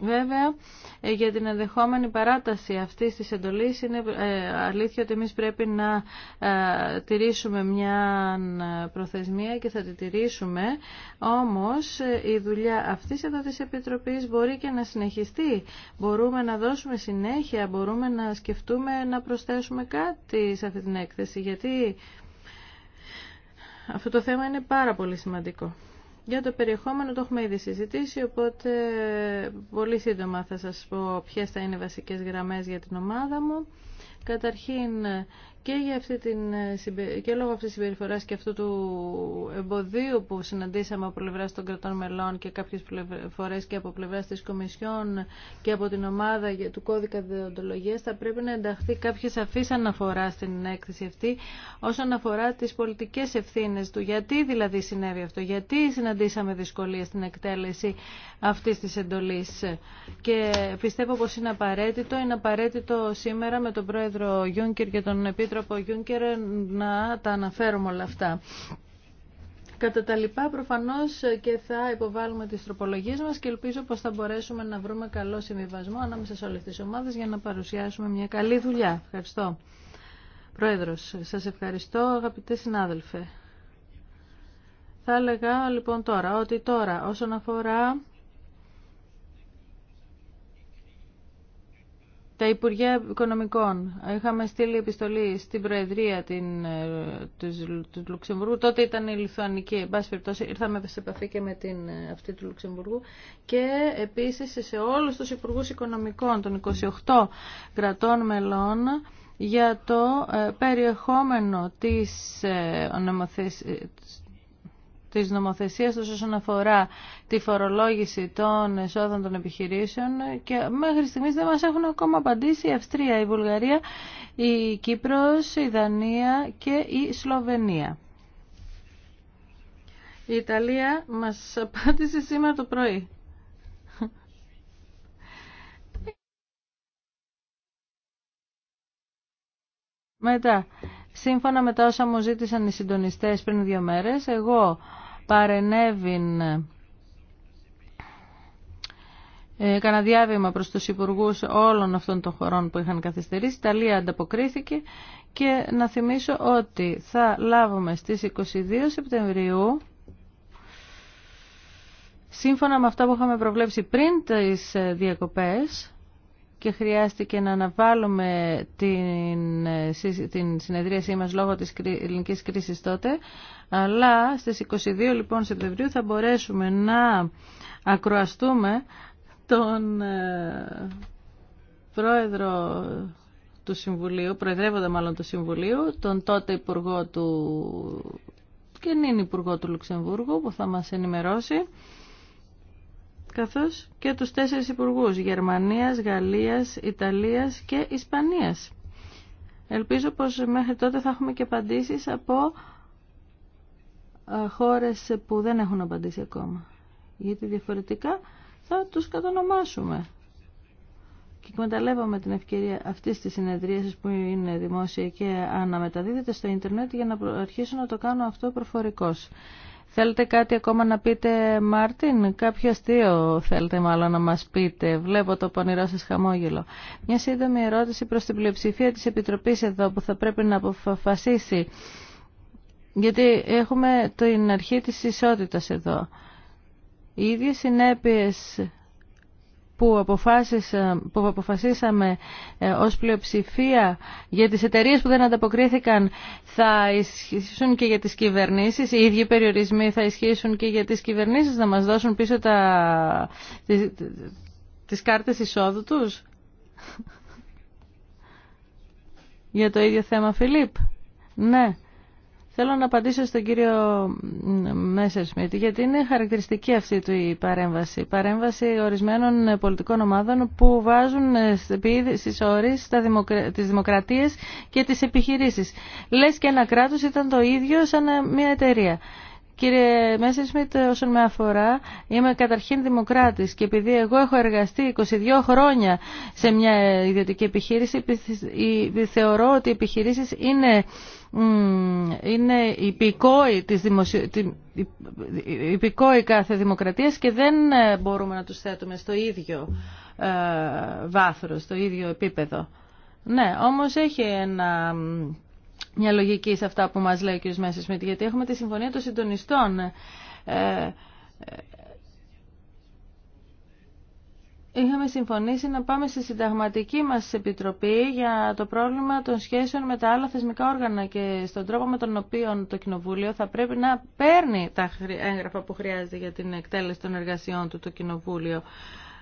Speaker 3: Βέβαια, ε, για την ενδεχόμενη παράταση αυτής της εντολής είναι ε, αλήθεια ότι εμείς πρέπει να ε, τηρήσουμε μια προθεσμία και θα τη τηρήσουμε. Όμως, η δουλειά αυτής εδώ της Επιτροπής μπορεί και να συνεχιστεί. Μπορούμε να δώσουμε συνέχεια, μπορούμε να σκεφτούμε να προσθέσουμε κάτι σε αυτή την έκθεση, γιατί αυτό το θέμα είναι πάρα πολύ σημαντικό. Για το περιεχόμενο το έχουμε ήδη συζητήσει, οπότε πολύ σύντομα θα σας πω ποιες θα είναι οι βασικές γραμμές για την ομάδα μου. Καταρχήν, και, για αυτή την, ε, και λόγω αυτής της συμπεριφοράς και αυτού του εμποδίου που συναντήσαμε από πλευράς των κρατών μελών και κάποιες φορές και από πλευράς της Κομισιόν και από την ομάδα του κώδικα διοντολογίας θα πρέπει να ενταχθεί κάποια σαφής αναφορά στην έκθεση αυτή όσον αφορά τις πολιτικές ευθύνες του. Γιατί δηλαδή συνέβη αυτό, γιατί συναντήσαμε δυσκολία στην εκτέλεση αυτή της εντολής και πιστεύω πως είναι απαραίτητο, είναι απαραίτητο σήμερα με τον πρόεδρο Γιούνκερ και τον επίτροπο από Γιούνκερ να τα αναφέρουμε όλα αυτά. Κατά τα λοιπά, προφανώς και θα υποβάλουμε τις τροπολογίες μας και ελπίζω πως θα μπορέσουμε να βρούμε καλό συμβιβασμό ανάμεσα σε όλες τις ομάδες για να παρουσιάσουμε μια καλή δουλειά. Ευχαριστώ. Πρόεδρος, σας ευχαριστώ αγαπητέ συνάδελφε. Θα έλεγα λοιπόν τώρα ότι τώρα όσον αφορά τα Υπουργεία Οικονομικών. Είχαμε στείλει επιστολή στην Προεδρία την, ε, του, του Λουξεμβούργου. Τότε ήταν η Λιθουανική. Εν πάση περιπτώσει, ήρθαμε σε επαφή και με την ε, αυτή του Λουξεμβούργου. Και επίση σε όλου του υπουργού Οικονομικών των 28 κρατών μελών για το ε, περιεχόμενο της, της νομοθεσίας όσον αφορά τη φορολόγηση των εσόδων των επιχειρήσεων και μέχρι στιγμής δεν μας έχουν ακόμα απαντήσει η Αυστρία, η Βουλγαρία, η Κύπρος, η Δανία και η Σλοβενία. Η Ιταλία μας απάντησε σήμερα το πρωί. Μετά, σύμφωνα με τα όσα μου ζήτησαν οι συντονιστές πριν δύο μέρες, εγώ παρενέβην Έκανα ε, διάβημα προς τους υπουργούς όλων αυτών των χωρών που είχαν καθυστερήσει. Η Ιταλία ανταποκρίθηκε και να θυμίσω ότι θα λάβουμε στις 22 Σεπτεμβρίου σύμφωνα με αυτά που είχαμε προβλέψει πριν τις ε, διακοπές και χρειάστηκε να αναβάλουμε την, την συνεδρίασή μας λόγω της ελληνικής κρίσης τότε. Αλλά στις 22 λοιπόν Σεπτεμβρίου θα μπορέσουμε να ακροαστούμε τον ε, πρόεδρο του Συμβουλίου, προεδρεύοντα μάλλον του Συμβουλίου, τον τότε υπουργό του και νυν υπουργό του Λουξεμβούργου που θα μας ενημερώσει καθώς και τους τέσσερις υπουργούς Γερμανίας, Γαλλίας, Ιταλίας και Ισπανίας. Ελπίζω πως μέχρι τότε θα έχουμε και απαντήσεις από ε, χώρες που δεν έχουν απαντήσει ακόμα. Γιατί διαφορετικά θα τους κατονομάσουμε. Και εκμεταλλεύομαι την ευκαιρία αυτή τη συνεδρίαση που είναι δημόσια και αναμεταδίδεται στο ίντερνετ για να αρχίσω να το κάνω αυτό προφορικώς. Θέλετε κάτι ακόμα να πείτε Μάρτιν, κάποιο αστείο θέλετε μάλλον να μας πείτε. Βλέπω το πονηρό σας χαμόγελο. Μια σύντομη ερώτηση προς την πλειοψηφία της Επιτροπής εδώ που θα πρέπει να αποφασίσει. Γιατί έχουμε την αρχή της ισότητας εδώ. Οι ίδιες συνέπειες που, που αποφασίσαμε ε, ως πλειοψηφία για τις εταιρείες που δεν ανταποκρίθηκαν θα ισχύσουν και για τις κυβερνήσεις. Οι ίδιοι περιορισμοί θα ισχύσουν και για τις κυβερνήσεις να μας δώσουν πίσω τα, τις, τις κάρτες εισόδου τους. για το ίδιο θέμα, Φιλίπ. Ναι. Θέλω να απαντήσω στον κύριο Μέσερ Σμιτ, γιατί είναι χαρακτηριστική αυτή του η παρέμβαση. παρέμβαση ορισμένων πολιτικών ομάδων που βάζουν στι όρει τι δημοκρατίε και τι επιχειρήσει. Λε και ένα κράτο ήταν το ίδιο σαν μια εταιρεία. Κύριε Σμιτ, όσον με αφορά, είμαι καταρχήν δημοκράτη. και επειδή εγώ έχω εργαστεί 22 χρόνια σε μια ιδιωτική επιχείρηση, θεωρώ ότι οι επιχειρήσει είναι είναι υπηκόη κάθε δημοκρατίας και δεν ε, μπορούμε να τους θέτουμε στο ίδιο ε, βάθρο, στο ίδιο επίπεδο. Ναι, όμως έχει ένα... μια λογική σε αυτά που μας λέει ο κ. Μέσης γιατί έχουμε τη συμφωνία των συντονιστών ε, είχαμε συμφωνήσει να πάμε στη συνταγματική μας επιτροπή για το πρόβλημα των σχέσεων με τα άλλα θεσμικά όργανα και στον τρόπο με τον οποίο το Κοινοβούλιο θα πρέπει να παίρνει τα έγγραφα που χρειάζεται για την εκτέλεση των εργασιών του το Κοινοβούλιο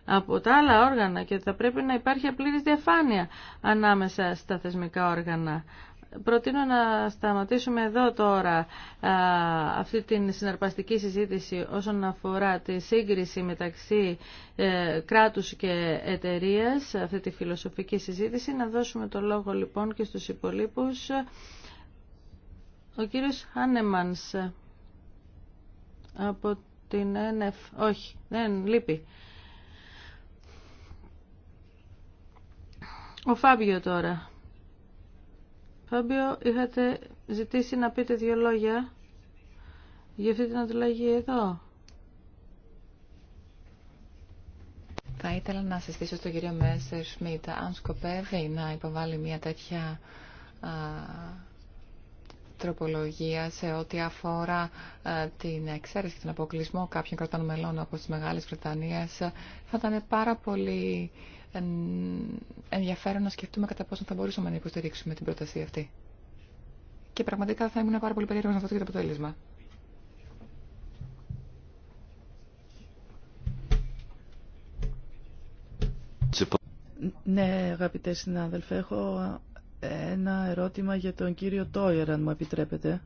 Speaker 3: από τα άλλα όργανα και θα πρέπει να υπάρχει απλήρης διαφάνεια ανάμεσα στα θεσμικά όργανα. Προτείνω να σταματήσουμε εδώ τώρα αυτή την συναρπαστική συζήτηση όσον αφορά τη σύγκριση μεταξύ ε, κράτους και εταιρείας, αυτή τη φιλοσοφική συζήτηση. Να δώσουμε το λόγο λοιπόν και στους υπολείπους. Ο κύριος Χάνεμανς από την ΕΝΕΦ. Όχι, δεν λείπει. Ο Φάβιο τώρα. Φάμπιο, είχατε ζητήσει να πείτε δύο λόγια για αυτή την αντιλαγή εδώ.
Speaker 2: Θα ήθελα να συστήσω στον κύριο Μέσσερ Σμιτ αν σκοπεύει να υποβάλει μια τέτοια τροπολογία σε ό,τι αφορά ε, την εξαίρεση και τον αποκλεισμό κάποιων κρατών μελών από τις Μεγάλες Βρετανίες θα ήταν πάρα πολύ ενδιαφέρον να σκεφτούμε κατά πόσο θα μπορούσαμε να υποστηρίξουμε την πρόταση αυτή. Και πραγματικά θα ήμουν πάρα πολύ περίεργος να δω και το αποτέλεσμα. Ναι,
Speaker 1: αγαπητέ συνάδελφε, έχω ένα ερώτημα για τον κύριο Τόιερ, αν μου επιτρέπετε.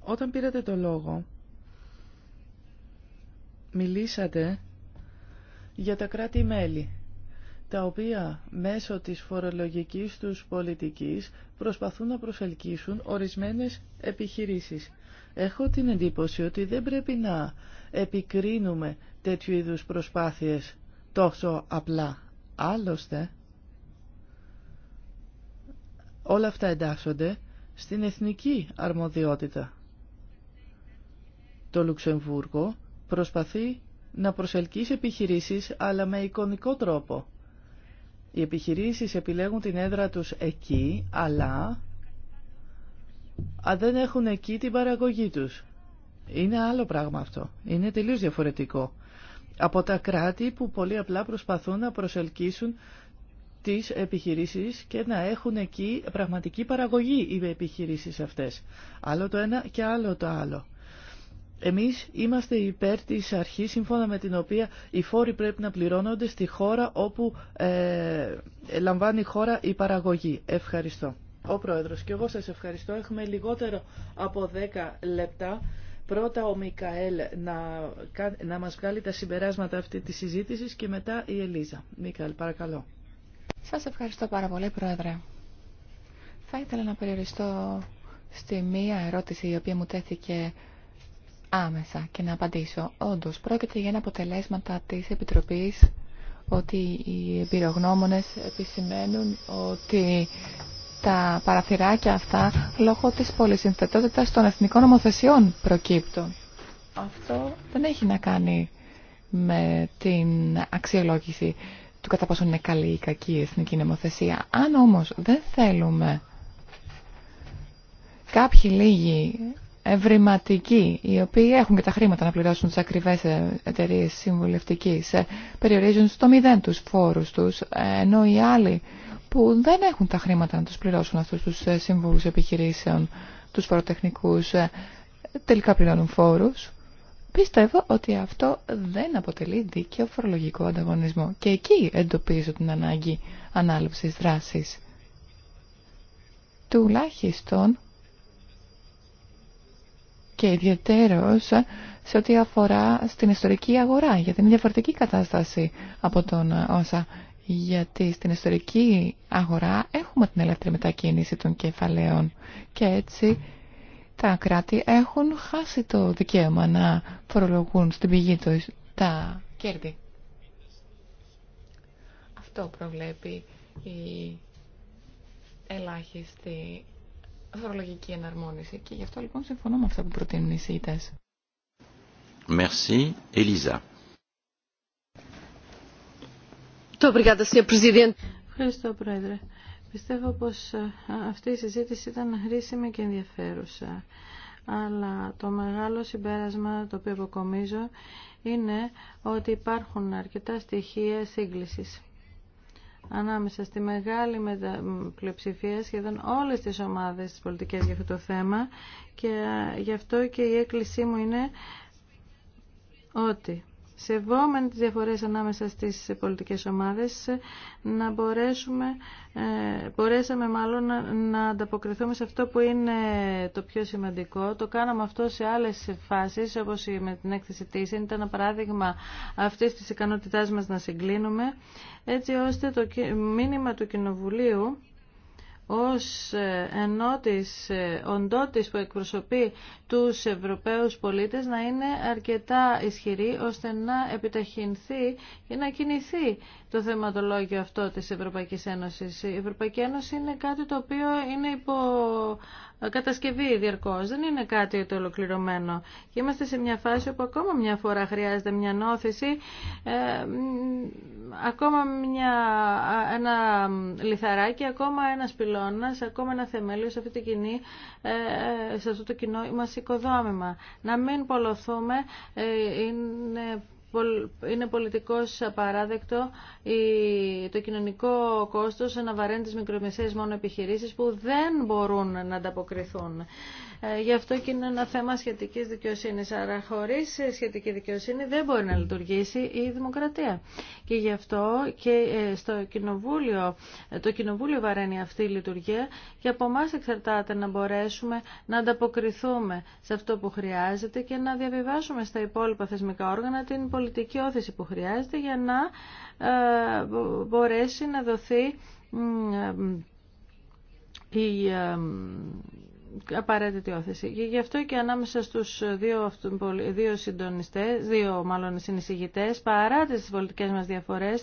Speaker 1: Όταν πήρατε το λόγο, μιλήσατε για τα κράτη-μέλη τα οποία μέσω της φορολογικής τους πολιτικής προσπαθούν να προσελκύσουν ορισμένες επιχειρήσεις. Έχω την εντύπωση ότι δεν πρέπει να επικρίνουμε τέτοιου είδους προσπάθειες τόσο απλά. Άλλωστε, όλα αυτά εντάσσονται στην εθνική αρμοδιότητα. Το Λουξεμβούργο προσπαθεί να προσελκύσει επιχειρήσεις αλλά με εικονικό τρόπο. Οι επιχειρήσεις επιλέγουν την έδρα τους εκεί, αλλά δεν έχουν εκεί την παραγωγή τους. Είναι άλλο πράγμα αυτό. Είναι τελείως διαφορετικό. Από τα κράτη που πολύ απλά προσπαθούν να προσελκύσουν τις επιχειρήσεις και να έχουν εκεί πραγματική παραγωγή οι επιχειρήσεις αυτές. Άλλο το ένα και άλλο το άλλο. Εμείς είμαστε υπέρ της αρχής σύμφωνα με την οποία οι φόροι πρέπει να πληρώνονται στη χώρα όπου ε, λαμβάνει η χώρα η παραγωγή. Ευχαριστώ. Ο Πρόεδρος και εγώ σας ευχαριστώ. Έχουμε λιγότερο από 10 λεπτά. Πρώτα ο Μικαέλ να, να μας βγάλει τα συμπεράσματα αυτή της συζήτησης και μετά η Ελίζα. Μικαέλ,
Speaker 2: παρακαλώ. Σας ευχαριστώ πάρα πολύ, Πρόεδρε. Θα ήθελα να περιοριστώ στη μία ερώτηση η οποία μου τέθηκε άμεσα και να απαντήσω. Όντως, πρόκειται για ένα αποτελέσματα της Επιτροπής ότι οι εμπειρογνώμονες επισημαίνουν ότι τα παραθυράκια αυτά λόγω της πολυσυνθετότητας των εθνικών νομοθεσιών προκύπτουν. Αυτό δεν έχει να κάνει με την αξιολόγηση του κατά πόσο είναι καλή ή κακή η εθνική νομοθεσία. Αν όμως δεν θέλουμε κάποιοι λίγοι ευρηματικοί, οι οποίοι έχουν και τα χρήματα να πληρώσουν τις ακριβές ε, εταιρείε συμβουλευτικής, ε, περιορίζουν στο μηδέν τους φόρους τους, ε, ενώ οι άλλοι που δεν έχουν τα χρήματα να τους πληρώσουν αυτούς τους συμβούλους επιχειρήσεων, τους φοροτεχνικούς, τελικά πληρώνουν φόρους. Πιστεύω ότι αυτό δεν αποτελεί δίκαιο φορολογικό ανταγωνισμό και εκεί εντοπίζω την ανάγκη ανάληψης δράσης. Τουλάχιστον και ιδιαιτέρως σε ό,τι αφορά στην ιστορική αγορά, γιατί είναι διαφορετική κατάσταση από τον όσα. Γιατί στην ιστορική αγορά έχουμε την ελεύθερη μετακίνηση των κεφαλαίων και έτσι τα κράτη έχουν χάσει το δικαίωμα να φορολογούν στην πηγή του τα κέρδη. Αυτό προβλέπει η ελάχιστη φορολογική εναρμόνιση. Και γι' αυτό λοιπόν συμφωνώ με αυτά που προτείνουν οι συγητές.
Speaker 3: Merci, Elisa. Ευχαριστώ, Πρόεδρε. Πιστεύω πως ε, αυτή η συζήτηση ήταν χρήσιμη και ενδιαφέρουσα. Αλλά το μεγάλο συμπέρασμα το οποίο αποκομίζω είναι ότι υπάρχουν αρκετά στοιχεία σύγκλησης ανάμεσα στη μεγάλη μετα... πλειοψηφία σχεδόν όλες τις ομάδες πολιτικές για αυτό το θέμα και γι' αυτό και η έκκλησή μου είναι ότι σεβόμενοι τις διαφορές ανάμεσα στις πολιτικές ομάδες, να μπορέσουμε, ε, μπορέσαμε μάλλον να ανταποκριθούμε σε αυτό που είναι το πιο σημαντικό. Το κάναμε αυτό σε άλλες φάσεις, όπως με την έκθεση της, ήταν ένα παράδειγμα αυτής της ικανότητάς μας να συγκλίνουμε, έτσι ώστε το μήνυμα του Κοινοβουλίου ως ε, ενότης ε, οντότης που εκπροσωπεί τους Ευρωπαίους πολίτες να είναι αρκετά ισχυρή ώστε να επιταχυνθεί και να κινηθεί το θεματολόγιο αυτό της Ευρωπαϊκής Ένωσης. Η Ευρωπαϊκή Ένωση είναι κάτι το οποίο είναι υπό κατασκευή διαρκώς, δεν είναι κάτι το ολοκληρωμένο. Και είμαστε σε μια φάση όπου ακόμα μια φορά χρειάζεται μια νόθηση, ε, ακόμα μια, ένα λιθαράκι, ακόμα ένα πυλώνας, ακόμα ένα θεμέλιο σε, αυτή τη κοινή, ε, ε, σε αυτό το κοινό μας οικοδόμημα. Να μην πολλωθούμε ε, είναι είναι πολιτικός απαράδεκτο το κοινωνικό κόστος να βαραίνει τις μικρομεσαίες μόνο επιχειρήσεις που δεν μπορούν να ανταποκριθούν. Ε, γι' αυτό και είναι ένα θέμα σχετικής δικαιοσύνης. Άρα χωρίς σχετική δικαιοσύνη δεν μπορεί να λειτουργήσει η δημοκρατία. Και γι' αυτό και ε, στο κοινοβούλιο, ε, το κοινοβούλιο βαραίνει αυτή η λειτουργία και από εμά εξαρτάται να μπορέσουμε να ανταποκριθούμε σε αυτό που χρειάζεται και να διαβιβάσουμε στα υπόλοιπα θεσμικά όργανα την πολιτική όθηση που χρειάζεται για να μπορέσει να δοθεί η απαραίτητη όθεση. Και γι' αυτό και ανάμεσα στου δύο, δύο συντονιστές, δύο μάλλον συνεισηγητέ, παρά τι πολιτικέ μα διαφορέ,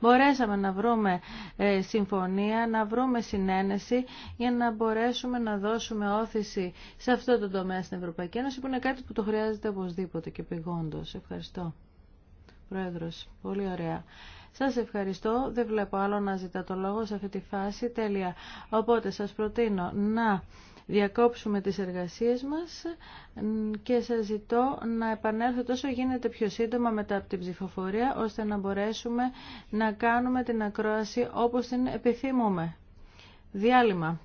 Speaker 3: μπορέσαμε να βρούμε ε, συμφωνία, να βρούμε συνένεση για να μπορέσουμε να δώσουμε όθηση σε αυτό το τομέα στην Ευρωπαϊκή Ένωση, που είναι κάτι που το χρειάζεται οπωσδήποτε και πηγόντω. Ευχαριστώ. Πρόεδρο, πολύ ωραία. Σας ευχαριστώ. Δεν βλέπω άλλο να ζητά το λόγο σε αυτή τη φάση. Τέλεια. Οπότε σας προτείνω να διακόψουμε τις εργασίες μας και σας ζητώ να επανέλθετε όσο γίνεται πιο σύντομα μετά από την ψηφοφορία, ώστε να μπορέσουμε να κάνουμε την ακρόαση όπως την επιθυμούμε. Διάλειμμα.